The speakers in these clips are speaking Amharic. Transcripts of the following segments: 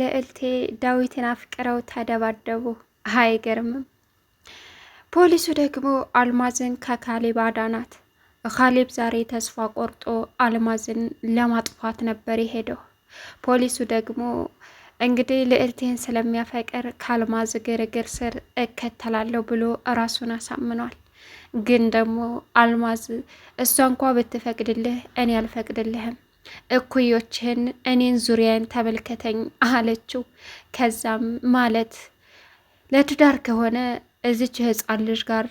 ልዕልቴ ዳዊትን አፍቅረው ተደባደቡ። አይገርምም? ፖሊሱ ደግሞ አልማዝን ከካሌብ አዳናት። ካሌብ ዛሬ ተስፋ ቆርጦ አልማዝን ለማጥፋት ነበር የሄደው። ፖሊሱ ደግሞ እንግዲህ ልዕልቴን ስለሚያፈቅር ከአልማዝ ግርግር ስር እከተላለሁ ብሎ ራሱን አሳምኗል። ግን ደግሞ አልማዝ እሷ እንኳ ብትፈቅድልህ እኔ አልፈቅድልህም እኩዮችን እኔን ዙሪያን ተመልከተኝ አለችው። ከዛም ማለት ለትዳር ከሆነ እዚች ህፃን ልጅ ጋር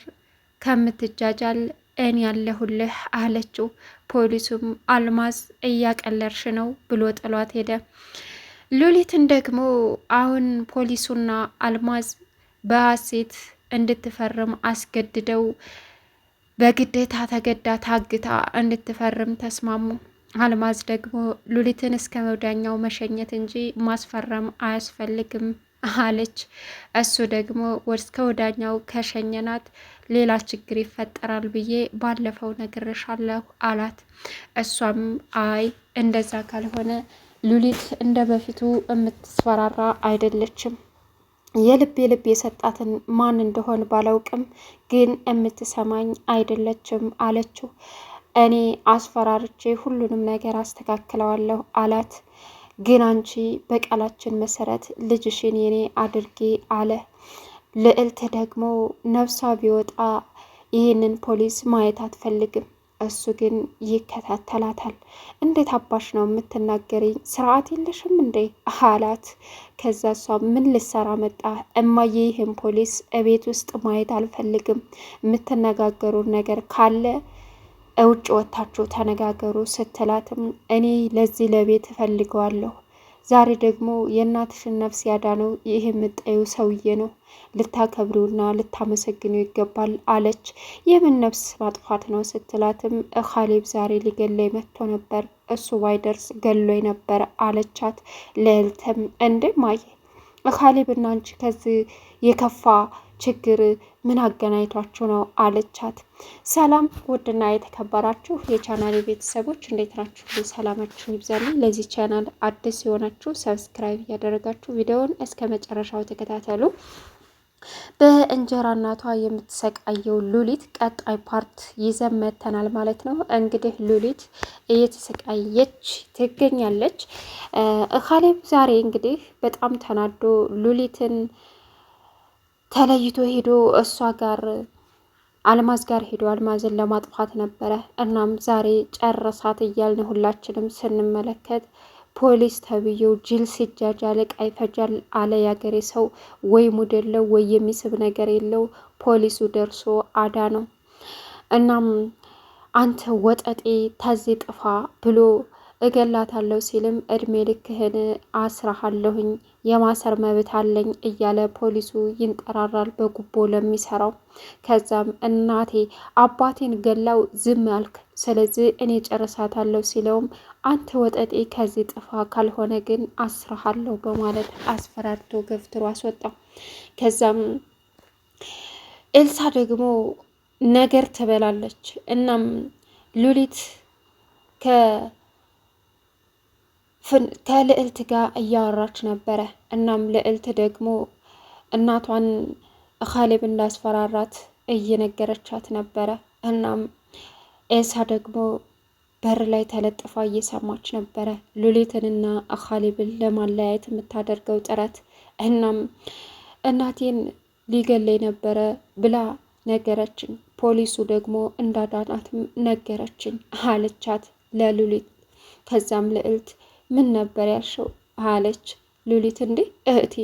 ከምትጃጃል እኔ ያለሁልህ አለችው። ፖሊሱም አልማዝ እያቀለርሽ ነው ብሎ ጥሏት ሄደ። ሉሊትን ደግሞ አሁን ፖሊሱና አልማዝ በሀሴት እንድትፈርም አስገድደው በግዴታ ተገዳ ታግታ እንድትፈርም ተስማሙ። አልማዝ ደግሞ ሉሊትን እስከ መውዳኛው መሸኘት እንጂ ማስፈረም አያስፈልግም አለች። እሱ ደግሞ እስከ ወዳኛው ከሸኘናት ሌላ ችግር ይፈጠራል ብዬ ባለፈው ነግሬሻለሁ አላት። እሷም አይ እንደዛ ካልሆነ ሉሊት እንደ በፊቱ የምትስፈራራ አይደለችም። የልብ የልብ የሰጣትን ማን እንደሆን ባላውቅም ግን የምትሰማኝ አይደለችም አለችው። እኔ አስፈራርቼ ሁሉንም ነገር አስተካክለዋለሁ አላት። ግን አንቺ በቃላችን መሰረት ልጅሽን የኔ አድርጌ አለ። ልዕልት ደግሞ ነፍሷ ቢወጣ ይህንን ፖሊስ ማየት አትፈልግም። እሱ ግን ይከታተላታል። እንዴት አባሽ ነው የምትናገረኝ ስርዓት የለሽም እንዴ አላት። ከዛ እሷ ምን ልሰራ መጣ እማዬ፣ ይህን ፖሊስ እቤት ውስጥ ማየት አልፈልግም። የምትነጋገሩን ነገር ካለ እውጭ ወታችሁ ተነጋገሩ ስትላትም እኔ ለዚህ ለቤት እፈልገዋለሁ ዛሬ ደግሞ የእናትሽን ነፍስ ያዳነው ይህ የምጠዩ ሰውዬ ነው፣ ልታከብሪውና ልታመሰግኑ ይገባል አለች። የምን ነፍስ ማጥፋት ነው ስትላትም ኻሌብ ዛሬ ሊገለይ መጥቶ ነበር፣ እሱ ባይደርስ ገሎይ ነበር አለቻት። ልዕልትም እንደ ማየ ካሌብ አንቺ ከዚህ የከፋ ችግር ምን አገናኝቷችሁ ነው አለቻት። ሰላም ውድና የተከበራችሁ የቻናል ቤተሰቦች እንዴት ናችሁ? ሰላማችሁ ይብዛልኝ። ለዚህ ቻናል አዲስ የሆናችሁ ሰብስክራይብ እያደረጋችሁ ቪዲዮውን እስከ መጨረሻው ተከታተሉ። በእንጀራ እናቷ የምትሰቃየው ሉሊት ቀጣይ ፓርት ይዘን መተናል ማለት ነው። እንግዲህ ሉሊት እየተሰቃየች ትገኛለች። ካሌብ ዛሬ እንግዲህ በጣም ተናዶ ሉሊትን ተለይቶ ሄዶ እሷ ጋር አልማዝ ጋር ሄዶ አልማዝን ለማጥፋት ነበረ። እናም ዛሬ ጨረሳት እያልን ሁላችንም ስንመለከት ፖሊስ ተብዬው ጅል ሲጃጅ ዕቃ ይፈጃል አለ ያገሬ ሰው። ወይ ሙደለው ወይ የሚስብ ነገር የለው። ፖሊሱ ደርሶ አዳ ነው። እናም አንተ ወጠጤ ታዜ ጥፋ ብሎ እገላታለሁ ሲልም እድሜ ልክህን አስራሃለሁኝ የማሰር መብት አለኝ እያለ ፖሊሱ ይንጠራራል በጉቦ ለሚሰራው። ከዛም እናቴ አባቴን ገላው ዝም አልክ፣ ስለዚህ እኔ ጨርሳታለሁ ሲለውም አንተ ወጠጤ ከዚህ ጥፋ፣ ካልሆነ ግን አስራሃለሁ በማለት አስፈራርቶ ገፍትሮ አስወጣው። ከዛም ኤልሳ ደግሞ ነገር ትበላለች። እናም ሉሊት ከ ከልዕልት ጋር እያወራች ነበረ። እናም ልዕልት ደግሞ እናቷን ካሌብ እንዳስፈራራት እየነገረቻት ነበረ። እናም ኤልሳ ደግሞ በር ላይ ተለጥፋ እየሰማች ነበረ ሉሊትንና ካሌብን ለማለያየት የምታደርገው ጥረት። እናም እናቴን ሊገለይ ነበረ ብላ ነገረችኝ፣ ፖሊሱ ደግሞ እንዳዳናትም ነገረችኝ አለቻት ለሉሊት። ከዛም ልዕልት ምን ነበር ያልሽው? አለች ሉሊት። እንዴ እህቴ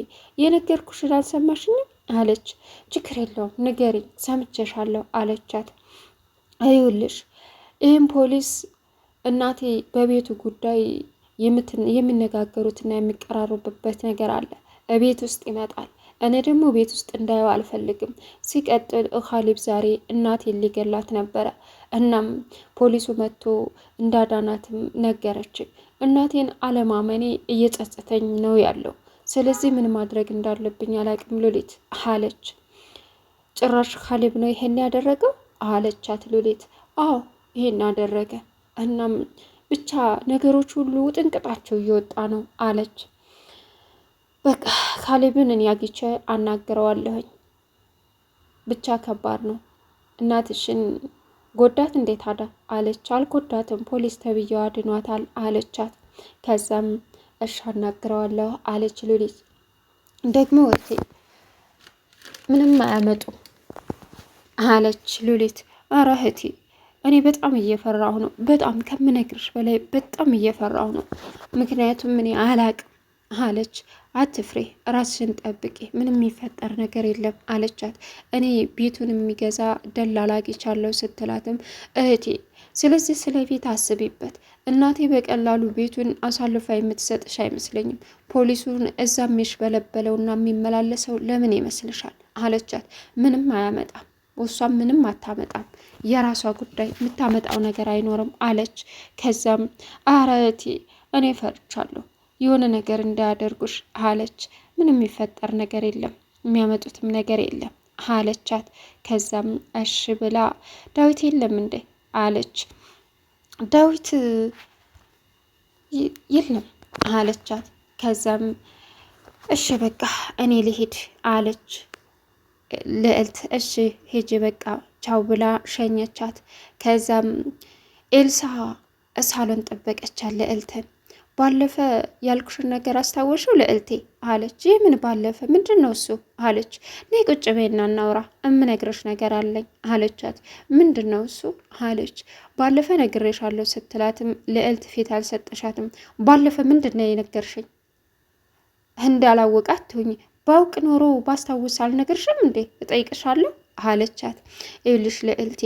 የነገርኩሽን አልሰማሽኝም? አለች። ችግር የለውም ንገሪኝ፣ ሰምቼሻለሁ አለቻት። አይውልሽ ይህም ፖሊስ እናቴ በቤቱ ጉዳይ የሚነጋገሩትና የሚቀራሩበት ነገር አለ። ቤት ውስጥ ይመጣል እኔ ደግሞ ቤት ውስጥ እንዳየው አልፈልግም። ሲቀጥል ኻሊብ ዛሬ እናቴን ሊገላት ነበረ። እናም ፖሊሱ መጥቶ እንዳዳናትም ነገረች እናቴን አለማመኔ እየጸጸተኝ ነው ያለው። ስለዚህ ምን ማድረግ እንዳለብኝ አላቅም ሉሊት አለች። ጭራሽ ኻሊብ ነው ይሄን ያደረገው አለቻት ሉሊት። አዎ ይሄን አደረገ። እናም ብቻ ነገሮች ሁሉ ውጥንቅጣቸው እየወጣ ነው አለች። በቃ ካሌብን እኔ አግኝቼ አናግረዋለሁኝ። ብቻ ከባድ ነው። እናትሽን ጎዳት እንዴት አዳ አለች። አልጎዳትም፣ ፖሊስ ተብዬዋ አድኗታል አለቻት። ከዛም እሺ አናግረዋለሁ አለች ሉሊት። ደግሞ ወቴ ምንም አያመጡ አለች ሉሊት። ኧረ እህቴ እኔ በጣም እየፈራሁ ነው። በጣም ከምነግርሽ በላይ በጣም እየፈራሁ ነው። ምክንያቱም እኔ አላቅም አለች። አትፍሬ፣ ራስሽን ጠብቂ፣ ምንም የሚፈጠር ነገር የለም አለቻት። እኔ ቤቱን የሚገዛ ደላላ አግኝቻለሁ ስትላትም እህቴ፣ ስለዚህ ስለ ቤት አስቢበት፣ እናቴ በቀላሉ ቤቱን አሳልፋ የምትሰጥሽ አይመስለኝም። ፖሊሱን እዛ የሚሽበለበለውና የሚመላለሰው ለምን ይመስልሻል? አለቻት። ምንም አያመጣም፣ እሷም ምንም አታመጣም፣ የራሷ ጉዳይ፣ የምታመጣው ነገር አይኖርም አለች። ከዛም አረ እኔ ፈርቻለሁ የሆነ ነገር እንዳያደርጉሽ አለች። ምንም የሚፈጠር ነገር የለም የሚያመጡትም ነገር የለም አለቻት። ከዛም እሺ ብላ ዳዊት የለም እንዴ አለች። ዳዊት የለም አለቻት። ከዛም እሺ በቃ እኔ ልሄድ አለች ልዕልት። እሺ ሄጅ በቃ ቻው ብላ ሸኘቻት። ከዛም ኤልሳ ሳሎን ጠበቀቻት ልዕልትን። ባለፈ ያልኩሽን ነገር አስታወሽው ልዕልቴ አለች። ይህ ምን ባለፈ ምንድን ነው እሱ አለች። ነይ ቁጭ በይና እናውራ፣ እምነግረሽ ነገር አለኝ አለቻት። ምንድን ነው እሱ አለች። ባለፈ ነግሬሻለሁ ስትላትም ልዕልት ፊት አልሰጠሻትም። ባለፈ ምንድን ነው የነገርሽኝ? እንዳላወቃት ትሁኝ ባውቅ ኖሮ ባስታውስ አልነግርሽም እንዴ እጠይቅሻለሁ አለቻት። ይኸውልሽ ልዕልቴ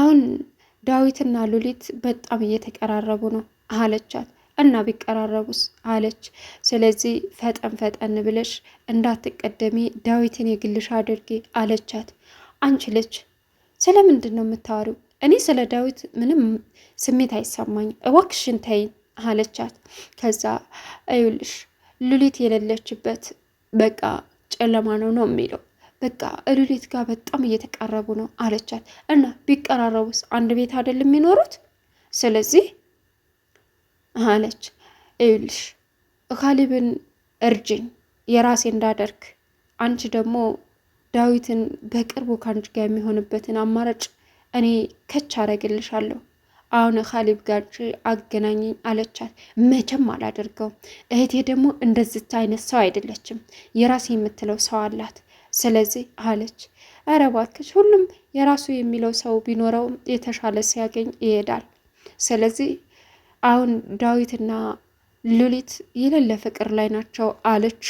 አሁን ዳዊትና ሉሊት በጣም እየተቀራረቡ ነው አለቻት። እና ቢቀራረቡስ አለች። ስለዚህ ፈጠን ፈጠን ብለሽ እንዳትቀደሚ ዳዊትን የግልሽ አድርጊ አለቻት። አንቺ ልጅ ስለምንድን ነው የምታወሪው? እኔ ስለ ዳዊት ምንም ስሜት አይሰማኝም፣ እባክሽን ተይኝ አለቻት። ከዛ እዩልሽ ሉሊት የሌለችበት በቃ ጨለማ ነው ነው የሚለው በቃ ሉሊት ጋር በጣም እየተቃረቡ ነው አለቻት። እና ቢቀራረቡስ አንድ ቤት አይደል የሚኖሩት? ስለዚህ አለች። እዩልሽ ካሊብን እርጅኝ የራሴ እንዳደርግ አንቺ ደግሞ ዳዊትን በቅርቡ ከአንቺ ጋር የሚሆንበትን አማራጭ እኔ ከች አረግልሻለሁ። አሁን ካሊብ ጋር አገናኘኝ አለቻት። መቼም አላደርገውም። እህቴ ደግሞ እንደዚት አይነት ሰው አይደለችም። የራሴ የምትለው ሰው አላት። ስለዚህ አለች። ኧረ እባክሽ ሁሉም የራሱ የሚለው ሰው ቢኖረውም የተሻለ ሲያገኝ ይሄዳል። ስለዚህ አሁን ዳዊትና ሉሊት የሌለ ፍቅር ላይ ናቸው አለች።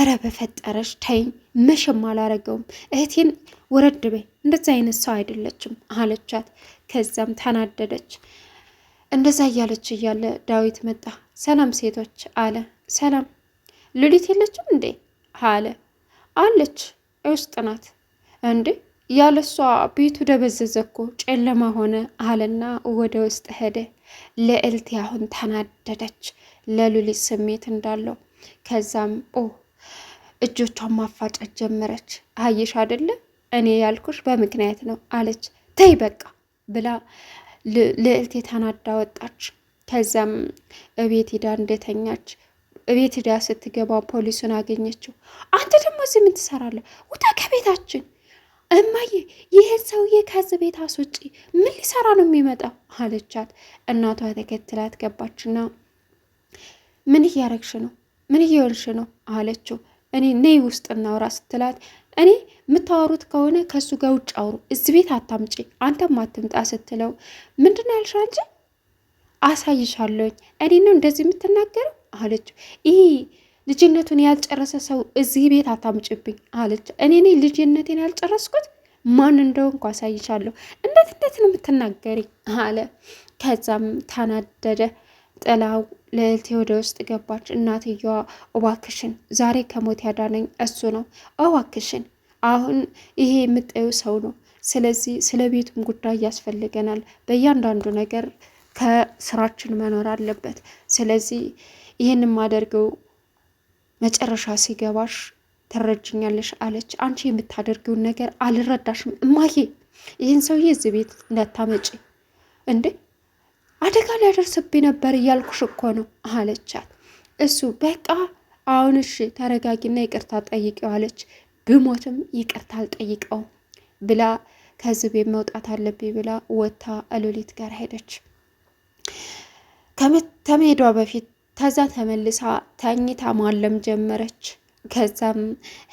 እረ በፈጠረች ተይኝ፣ መሸም አላረገውም። እህቴን ወረድ በይ፣ እንደዚ አይነት ሰው አይደለችም አለቻት። ከዛም ተናደደች። እንደዛ እያለች እያለ ዳዊት መጣ። ሰላም ሴቶች አለ። ሰላም ሉሊት የለችም እንዴ አለ። አለች፣ ውስጥ ናት እንዴ ያለሷ ቤቱ ደበዘዘ እኮ ጨለማ ሆነ አለና ወደ ውስጥ ሄደ። ልዕልት አሁን ተናደደች ለሉሊት ስሜት እንዳለው። ከዛም ኦ እጆቿን ማፋጨት ጀመረች። አየሽ አይደለ እኔ ያልኩሽ በምክንያት ነው አለች። ተይ በቃ ብላ ልዕልት የተናዳ ወጣች። ከዛም እቤት ሂዳ እንደተኛች እቤት ሂዳ ስትገባ ፖሊሱን አገኘችው። አንተ ደግሞ እዚህ ምን ትሰራለህ? ውጣ ከቤታችን እማዬ ይህን ሰውዬ ከዚህ ቤት አስወጪ፣ ምን ሊሰራ ነው የሚመጣው? አለቻት። እናቷ ተከትላት ገባችና ምን እያረግሽ ነው? ምን እየወልሽ ነው? አለችው። እኔ ነይ ውስጥ እናውራ ስትላት እኔ የምታወሩት ከሆነ ከእሱ ጋር ውጭ አውሩ፣ እዚህ ቤት አታምጪ፣ አንተም አትምጣ ስትለው ምንድን ያልሻ እንጂ አሳይሻለሁኝ። እኔ ነው እንደዚህ የምትናገረው አለችው። ይሄ ልጅነቱን ያልጨረሰ ሰው እዚህ ቤት አታምጭብኝ አለች። እኔ ልጅነቴን ያልጨረስኩት ማን እንደሆንኩ አሳይሻለሁ። እንዴት እንዴት ነው የምትናገሪኝ? አለ። ከዛም ተናደደ። ጥላው ልዕልቴ ወደ ውስጥ ገባች። እናትየዋ እባክሽን፣ ዛሬ ከሞት ያዳነኝ እሱ ነው እባክሽን። አሁን ይሄ የምጠዩ ሰው ነው። ስለዚህ ስለ ቤቱም ጉዳይ ያስፈልገናል። በእያንዳንዱ ነገር ከስራችን መኖር አለበት። ስለዚህ ይህን የማደርገው መጨረሻ ሲገባሽ ትረጅኛለሽ አለች። አንቺ የምታደርጊውን ነገር አልረዳሽም እማዬ። ይህን ሰውዬ እዚህ ቤት እንዳታመጪ እንዴ አደጋ ሊያደርስብኝ ነበር እያልኩሽ እኮ ነው አለቻት። እሱ በቃ አሁን እሺ ተረጋጊና ይቅርታ ጠይቀው አለች። ብሞትም ይቅርታ አልጠይቀውም ብላ ከዚህ ቤት መውጣት አለብኝ ብላ ወታ ሉሊት ጋር ሄደች። ከመሄዷ በፊት ከዛ ተመልሳ ተኝታ ማለም ጀመረች። ከዛም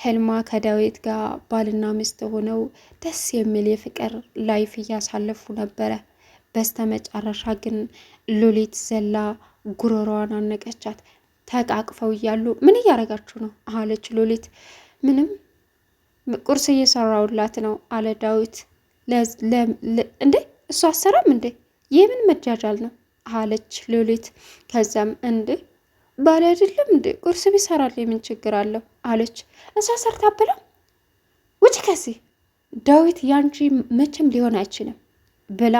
ህልማ ከዳዊት ጋር ባልና ሚስት ሆነው ደስ የሚል የፍቅር ላይፍ እያሳለፉ ነበረ። በስተመጨረሻ ግን ሉሊት ዘላ ጉረሯዋን አነቀቻት። ተቃቅፈው እያሉ ምን እያረጋችሁ ነው አለች ሉሊት። ምንም ቁርስ እየሰራውላት ነው አለ ዳዊት። እንዴ እሱ አሰራም እንዴ? የምን መጃጃል ነው አለች ሉሊት። ከዚያም እንዴ ባል አይደለም እንዴ ቁርስ ቢሰራል የምን ችግር አለው አለች። እሷ ሰርታ ብላ ውጭ ከዚህ ዳዊት ያንቺ መቼም ሊሆን አይችልም ብላ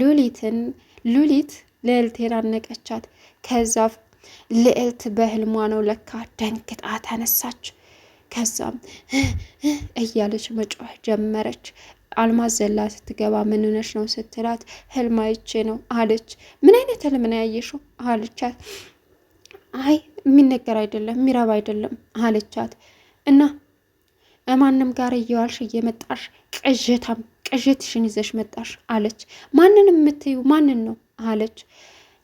ሉሊትን ሉሊት ልዕልቴን አነቀቻት። ከዛ ልዕልት በህልሟ ነው ለካ ደንግጣ ተነሳች። ከዛም እያለች መጮህ ጀመረች። አልማዝ ዘላ ስትገባ ምን ሆነሽ ነው ስትላት ህልም አይቼ ነው አለች። ምን አይነት ህልም ነው ያየሽው አለቻት። አይ የሚነገር አይደለም የሚረብ አይደለም አለቻት። እና ማንም ጋር እየዋልሽ እየመጣሽ ቅዥታም ቅዥትሽን ይዘሽ መጣሽ አለች። ማንን የምትዩ ማንን ነው አለች።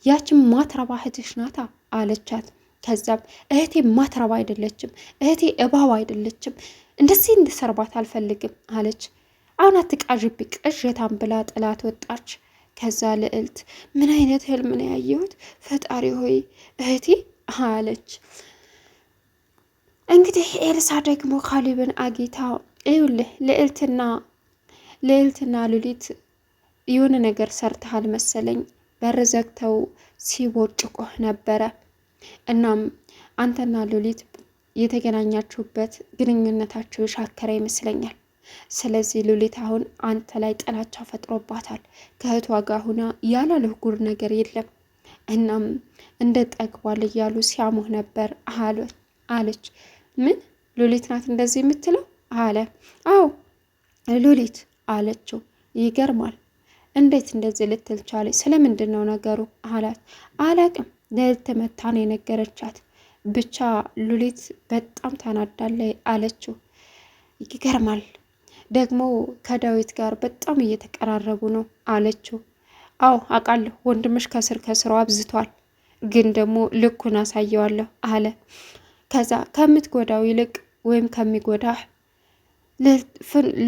ያችን ማትረባ እህትሽ ናታ አለቻት። ከዛም እህቴ ማትረባ አይደለችም፣ እህቴ እባብ አይደለችም፣ እንደዚህ እንድሰርባት አልፈልግም አለች። አሁን አትቃዥብኝ ቅዠታም ብላ ጥላት ወጣች። ከዛ ልዕልት ምን አይነት ህልም ነው ያየሁት? ፈጣሪ ሆይ እህቴ አለች። እንግዲህ ኤልሳ ደግሞ ካሊብን አጌታ ይውልህ ልዕልትና ልዕልትና ሉሊት የሆነ ነገር ሰርተሃል መሰለኝ በር ዘግተው ሲቦጭቆህ ነበረ። እናም አንተና ሉሊት የተገናኛችሁበት ግንኙነታችሁ የሻከረ ይመስለኛል። ስለዚህ ሉሊት አሁን አንተ ላይ ጥላቻ ፈጥሮባታል። ከእህቷ ጋር ሁና ያላልህ ጉር ነገር የለም። እናም እንደ ጠግቧል እያሉ ሲያሙህ ነበር አለች። ምን ሉሊት ናት እንደዚህ የምትለው አለ። አዎ ሉሊት አለችው። ይገርማል። እንዴት እንደዚህ ልትል ቻለች? ስለምንድን ነው ነገሩ አላት። አላቅም ልትመታ ነው የነገረቻት። ብቻ ሉሊት በጣም ታናዳለች አለችው። ይገርማል ደግሞ ከዳዊት ጋር በጣም እየተቀራረቡ ነው አለችው። አዎ አውቃለሁ ወንድምሽ ከስር ከስሮ አብዝቷል፣ ግን ደግሞ ልኩን አሳየዋለሁ አለ። ከዛ ከምትጎዳው ይልቅ ወይም ከሚጎዳህ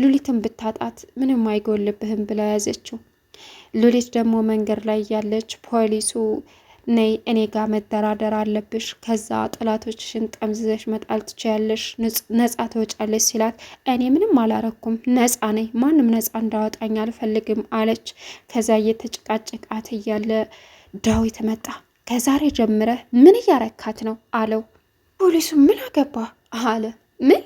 ሉሊትን ብታጣት ምንም አይጎልብህም ብላ ያዘችው። ሉሊት ደግሞ መንገድ ላይ ያለች ፖሊሱ ነይ እኔ ጋር መደራደር አለብሽ፣ ከዛ ጠላቶችሽን ጠምዝዘሽ መጣል ትችያለሽ፣ ነጻ ትወጫለሽ ሲላት እኔ ምንም አላረኩም፣ ነጻ ነኝ፣ ማንም ነጻ እንዳወጣኝ አልፈልግም አለች። ከዛ እየተጨቃጨቃት እያለ ዳዊት መጣ። ከዛሬ ጀምረ ምን እያረካት ነው አለው። ፖሊሱ ምን አገባ አለ። ምን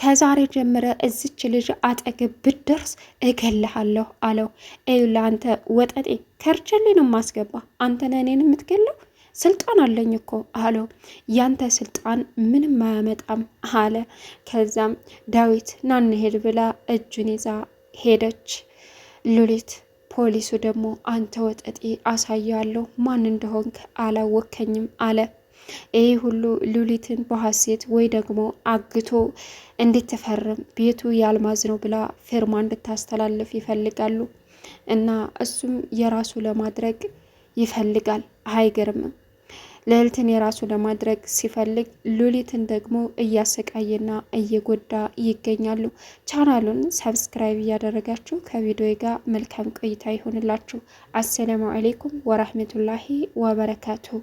ከዛሬ ጀምረ እዚች ልጅ አጠገብ ብደርስ እገልሃለሁ አለው። ኤላ አንተ ወጠጤ ከርቸሌን ማስገባ አንተነ ነህ እኔን የምትገለው ስልጣን አለኝ እኮ አለው። ያንተ ስልጣን ምንም አያመጣም አለ። ከዛም ዳዊት ና እንሄድ ብላ እጁን ይዛ ሄደች ሉሊት። ፖሊሱ ደግሞ አንተ ወጠጤ አሳያለሁ ማን እንደሆንክ አላወከኝም አለ። ይህ ሁሉ ሉሊትን በሐሴት ወይ ደግሞ አግቶ እንድትፈርም ቤቱ የአልማዝ ነው ብላ ፊርማ እንድታስተላልፍ ይፈልጋሉ። እና እሱም የራሱ ለማድረግ ይፈልጋል። አይገርምም? ልዕልትን የራሱ ለማድረግ ሲፈልግ ሉሊትን ደግሞ እያሰቃየና እየጎዳ ይገኛሉ። ቻናሉን ሰብስክራይብ እያደረጋችሁ ከቪዲዮ ጋር መልካም ቆይታ ይሆንላችሁ። አሰላሙ አሌይኩም ወራህመቱላሂ ወበረካቱሁ።